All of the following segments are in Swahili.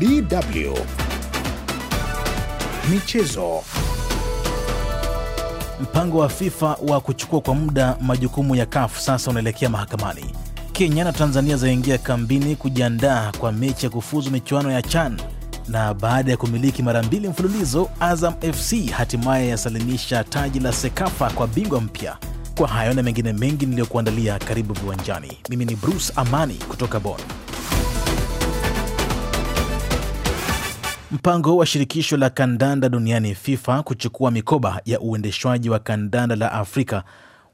DW Michezo. Mpango wa FIFA wa kuchukua kwa muda majukumu ya CAF sasa unaelekea mahakamani. Kenya na Tanzania zaingia kambini kujiandaa kwa mechi ya kufuzu michuano ya CHAN na baada ya kumiliki mara mbili mfululizo, Azam FC hatimaye yasalimisha taji la Sekafa kwa bingwa mpya. Kwa hayo na mengine mengi niliyokuandalia, karibu viwanjani. Mimi ni Bruce Amani kutoka Bonn. Mpango wa shirikisho la kandanda duniani FIFA kuchukua mikoba ya uendeshwaji wa kandanda la Afrika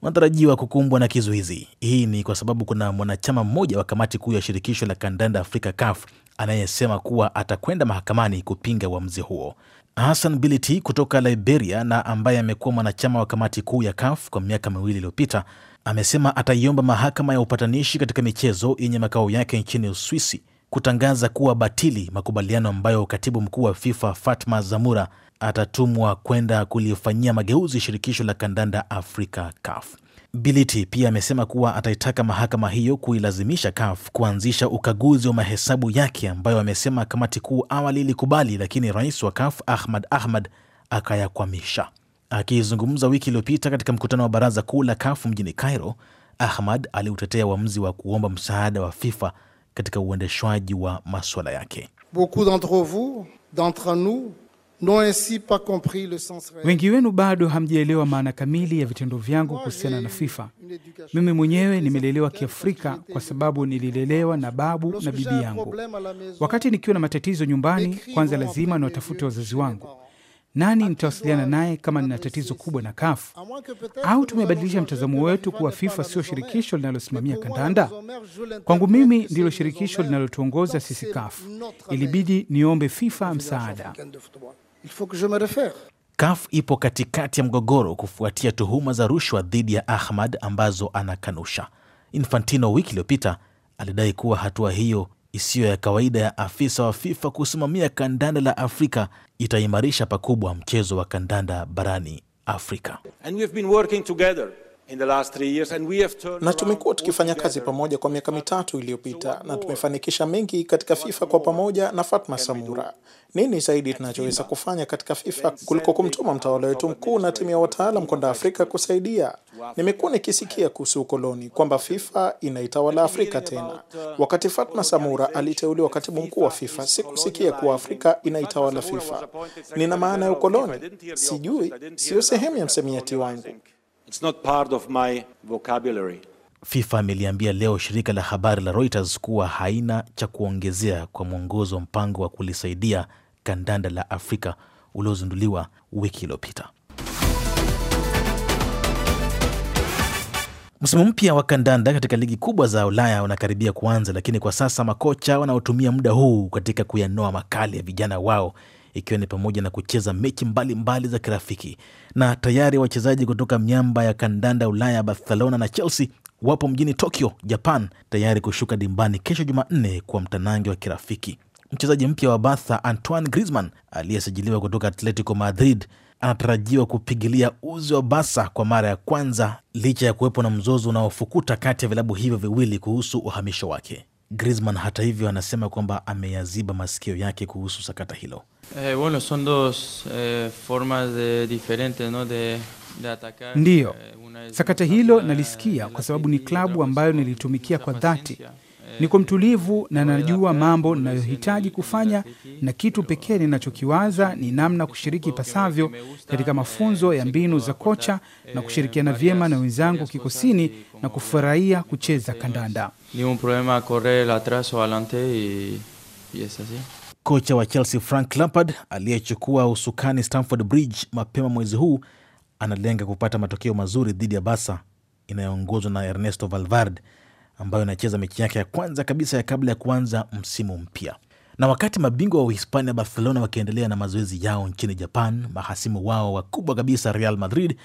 unatarajiwa kukumbwa na kizuizi. Hii ni kwa sababu kuna mwanachama mmoja wa kamati kuu ya shirikisho la kandanda Afrika CAF anayesema kuwa atakwenda mahakamani kupinga uamuzi huo. Hassan Bility kutoka Liberia na ambaye amekuwa mwanachama wa kamati kuu ya CAF kwa miaka miwili iliyopita amesema ataiomba mahakama ya upatanishi katika michezo yenye makao yake nchini Uswisi kutangaza kuwa batili makubaliano ambayo katibu mkuu wa FIFA Fatma Zamura atatumwa kwenda kulifanyia mageuzi shirikisho la kandanda Afrika CAF. Bility pia amesema kuwa ataitaka mahakama hiyo kuilazimisha CAF kuanzisha ukaguzi wa mahesabu yake ambayo amesema kamati kuu awali ilikubali, lakini rais wa CAF Ahmad Ahmad akayakwamisha. Akizungumza wiki iliyopita katika mkutano wa baraza kuu la CAF mjini Cairo, Ahmad aliutetea uamuzi wa kuomba msaada wa FIFA katika uendeshwaji wa maswala yake. Wengi wenu bado hamjaelewa maana kamili ya vitendo vyangu kuhusiana na FIFA. Mimi mwenyewe nimelelewa Kiafrika kwa sababu nililelewa na babu na bibi yangu. Wakati nikiwa na matatizo nyumbani, kwanza lazima niwatafute wazazi wangu nani nitawasiliana naye kama nina tatizo kubwa na kafu Au tumebadilisha mtazamo wetu kuwa FIFA sio shirikisho linalosimamia kandanda? Kwangu mimi ndilo shirikisho linalotuongoza sisi kafu Ilibidi niombe FIFA msaada. CAF ipo katikati ya mgogoro kufuatia tuhuma za rushwa dhidi ya Ahmad ambazo anakanusha. Infantino wiki iliyopita alidai kuwa hatua hiyo isiyo ya kawaida ya afisa wa FIFA kusimamia kandanda la Afrika itaimarisha pakubwa mchezo wa kandanda barani Afrika. And we've been working together na tumekuwa tukifanya kazi pamoja kwa miaka mitatu iliyopita na tumefanikisha mengi katika FIFA kwa pamoja na Fatma Samura. Nini zaidi tunachoweza kufanya katika FIFA kuliko kumtuma mtawala wetu mkuu na timu ya wataalam kwenda Afrika kusaidia? Nimekuwa nikisikia kuhusu ukoloni kwamba FIFA inaitawala Afrika tena. Uh, Wakati Fatma Samura aliteuliwa katibu mkuu wa FIFA, sikusikia kuwa Afrika inaitawala FIFA. Nina maana ya ukoloni? Sijui, siyo sehemu ya msemiati wangu. It's not part of my vocabulary. FIFA imeliambia leo shirika la habari la Reuters kuwa haina cha kuongezea kwa mwongozo mpango wa kulisaidia kandanda la Afrika uliozinduliwa wiki iliyopita. Msimu mpya wa kandanda katika ligi kubwa za Ulaya unakaribia kuanza, lakini kwa sasa makocha wanaotumia muda huu katika kuyanoa makali ya vijana wao ikiwa ni pamoja na kucheza mechi mbalimbali za kirafiki, na tayari wachezaji kutoka miamba ya kandanda Ulaya, Barcelona na Chelsea wapo mjini Tokyo, Japan, tayari kushuka dimbani kesho Jumanne kwa mtanange wa kirafiki. Mchezaji mpya wa Barca Antoine Griezmann aliyesajiliwa kutoka Atletico Madrid anatarajiwa kupigilia uzi wa Barca kwa mara ya kwanza licha ya kuwepo na mzozo unaofukuta kati ya vilabu hivyo viwili kuhusu uhamisho wake. Griezmann hata hivyo anasema kwamba ameyaziba masikio yake kuhusu sakata hilo. Eh, eh, Ndiyo, eh, sakata hilo nalisikia kwa sababu ni klabu ambayo nilitumikia kwa dhati. Niko mtulivu na najua mambo ninayohitaji kufanya, na kitu pekee ninachokiwaza ni namna kushiriki pasavyo katika mafunzo ya mbinu za kocha na kushirikiana vyema na wenzangu kikosini na kufurahia kucheza kandanda. Kocha wa Chelsea Frank Lampard aliyechukua usukani Stamford Bridge mapema mwezi huu analenga kupata matokeo mazuri dhidi ya Barca inayoongozwa na Ernesto Valverde ambayo inacheza mechi yake ya kwanza kabisa ya kabla ya kuanza msimu mpya. Na wakati mabingwa wa Uhispania Barcelona wakiendelea na mazoezi yao nchini Japan, mahasimu wao wakubwa kabisa Real Madrid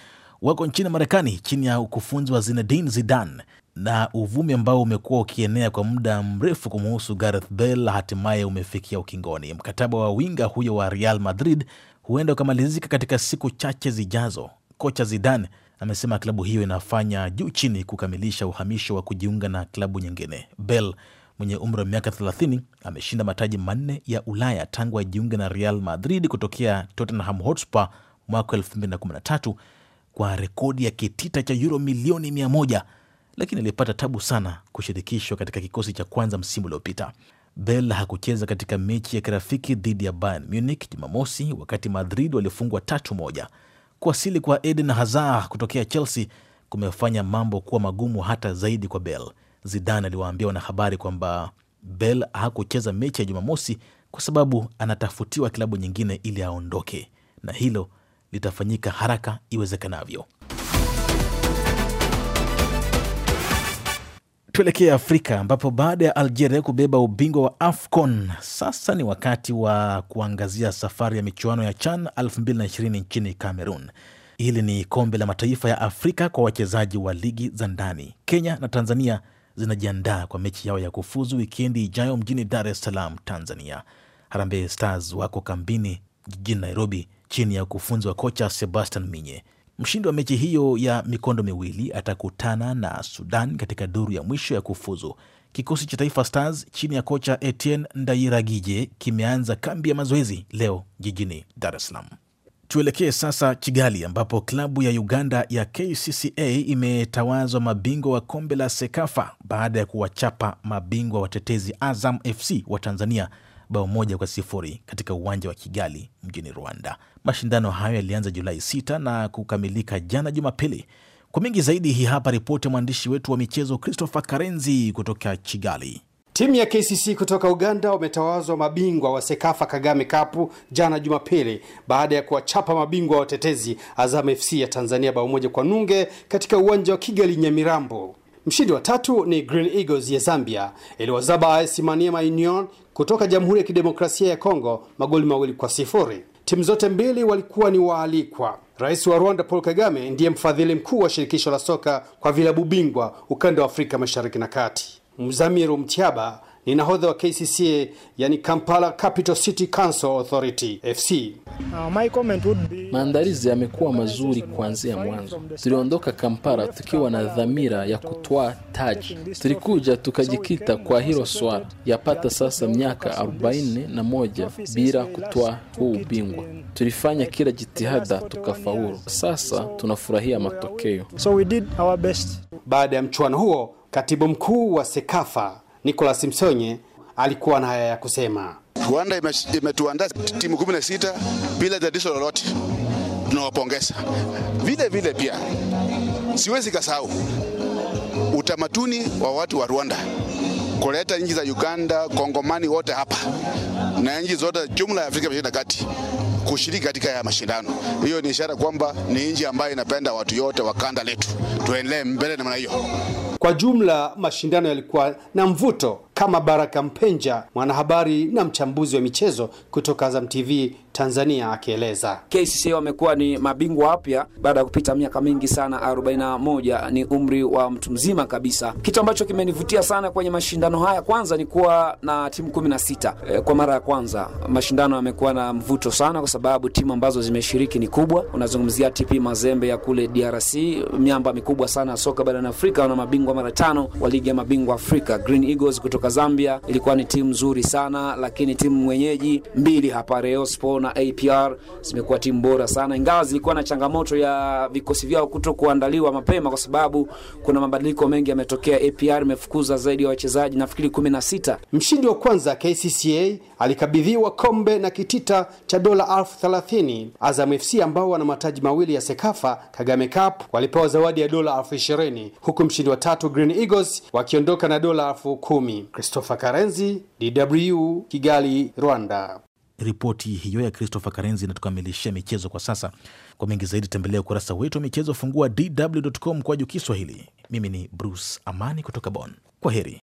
wako nchini Marekani chini ya ukufunzi wa Zinedine Zidane na uvumi ambao umekuwa ukienea kwa muda mrefu kumuhusu Gareth Bale hatimaye umefikia ukingoni. Mkataba wa winga huyo wa Real Madrid huenda ukamalizika katika siku chache zijazo. Kocha Zidane amesema klabu hiyo inafanya juu chini kukamilisha uhamisho wa kujiunga na klabu nyingine. Bale mwenye umri wa miaka 30 ameshinda mataji manne ya Ulaya tangu ajiunge na Real Madrid kutokea Tottenham Hotspur mwaka 2013 kwa rekodi ya kitita cha yuro milioni 100 lakini alipata tabu sana kushirikishwa katika kikosi cha kwanza msimu uliopita. bel hakucheza katika mechi ya kirafiki dhidi ya Bayern Munich Jumamosi, wakati Madrid walifungwa tatu moja. Kuwasili kwa Eden Hazard kutokea Chelsea kumefanya mambo kuwa magumu hata zaidi kwa bel Zidane aliwaambia wanahabari kwamba bel hakucheza mechi ya Jumamosi kwa sababu anatafutiwa klabu nyingine ili aondoke, na hilo litafanyika haraka iwezekanavyo. Tuelekee Afrika ambapo baada ya Algeria kubeba ubingwa wa AFCON, sasa ni wakati wa kuangazia safari ya michuano ya CHAN 220 nchini Cameroon. Hili ni kombe la mataifa ya Afrika kwa wachezaji wa ligi za ndani. Kenya na Tanzania zinajiandaa kwa mechi yao ya kufuzu wikendi ijayo mjini Dar es Salaam, Tanzania. Harambee Stars wako kambini jijini Nairobi chini ya ukufunzi wa kocha Sebastian Minye. Mshindi wa mechi hiyo ya mikondo miwili atakutana na Sudan katika duru ya mwisho ya kufuzu. Kikosi cha Taifa Stars chini ya kocha Etienne Ndairagije kimeanza kambi ya mazoezi leo jijini Dar es Salaam. Tuelekee sasa Kigali ambapo klabu ya Uganda ya KCCA imetawazwa mabingwa wa kombe la Sekafa baada ya kuwachapa mabingwa watetezi Azam FC wa Tanzania bao moja kwa sifuri katika uwanja wa Kigali mjini Rwanda. Mashindano hayo yalianza Julai 6 na kukamilika jana Jumapili. Kwa mengi zaidi, hii hapa ripoti ya mwandishi wetu wa michezo Christopher Karenzi kutoka Kigali. Timu ya KCC kutoka Uganda wametawazwa mabingwa wa Sekafa Kagame Cup jana Jumapili baada ya kuwachapa mabingwa watetezi Azam FC ya Tanzania bao moja kwa nunge katika uwanja wa Kigali Nyamirambo. Mshindi wa tatu ni Green Eagles ya Zambia iliwazaba Simania Union kutoka Jamhuri ya Kidemokrasia ya Kongo magoli mawili kwa sifuri. Timu zote mbili walikuwa ni waalikwa. Rais wa Rwanda Paul Kagame ndiye mfadhili mkuu wa shirikisho la soka kwa vilabu bingwa ukanda wa Afrika Mashariki na Kati. Mzamiru Mtiaba ni nahodha wa KCCA, yani Kampala Capital City Council Authority FC. Uh, Maandalizi yamekuwa mazuri kuanzia mwanzo. Tuliondoka Kampala tukiwa na dhamira ya kutwaa taji, tulikuja tukajikita kwa hilo swala. Yapata sasa miaka arobaini na moja bila kutoa huu ubingwa. Tulifanya kila jitihada tukafaulu, sasa tunafurahia matokeo. So we did our best. Baada ya mchuano huo, katibu mkuu wa Sekafa Nicolas Msonye alikuwa na haya ya kusema. Rwanda imetuandaa timu kumi na sita bila tatizo lolote, tunawapongeza. Vile vile pia siwezi kasahau utamaduni wa watu wa Rwanda kuleta nchi za Uganda, Kongomani wote hapa na nchi zote jumla ya Afrika Mashariki na Kati kushiriki katika ya mashindano. Hiyo ni ishara kwamba ni nchi ambayo inapenda watu yote wa kanda letu. Tuendelee mbele namna hiyo. Kwa jumla mashindano yalikuwa na mvuto kama Baraka Mpenja, mwanahabari na mchambuzi wa michezo kutoka Azam TV Tanzania akieleza. KCC wamekuwa ni mabingwa wapya baada ya kupita miaka mingi sana, 41 ni umri wa mtu mzima kabisa. Kitu ambacho kimenivutia sana kwenye mashindano haya, kwanza ni kuwa na timu 16 e, eh, kwa mara ya kwanza. Mashindano yamekuwa na mvuto sana kwa sababu timu ambazo zimeshiriki ni kubwa. Unazungumzia TP Mazembe ya kule DRC, miamba mikubwa sana ya soka barani Afrika, wana mabingwa mara tano wa ligi ya mabingwa Afrika, Green Eagles kutoka Zambia ilikuwa ni timu nzuri sana, lakini timu mwenyeji mbili hapa Reospo na APR zimekuwa timu bora sana, ingawa zilikuwa na changamoto ya vikosi vyao kuto kuandaliwa mapema, kwa sababu kuna mabadiliko mengi yametokea. APR imefukuza zaidi ya wa wachezaji nafikiri kumi na sita. Mshindi wa kwanza KCCA alikabidhiwa kombe na kitita cha dola elfu thelathini. Azam FC ambao wana mataji mawili ya Sekafa Kagame Cup walipewa zawadi ya dola elfu ishirini huku mshindi wa tatu Green Eagles wakiondoka na dola elfu kumi. Christopher Karenzi, DW Kigali, Rwanda. Ripoti hiyo ya Christopher Karenzi inatukamilishia michezo kwa sasa. Kwa mengi zaidi tembelea ukurasa wetu wa michezo, fungua dw.com kwa juu Kiswahili. Mimi ni Bruce Amani kutoka Bonn. Kwa heri.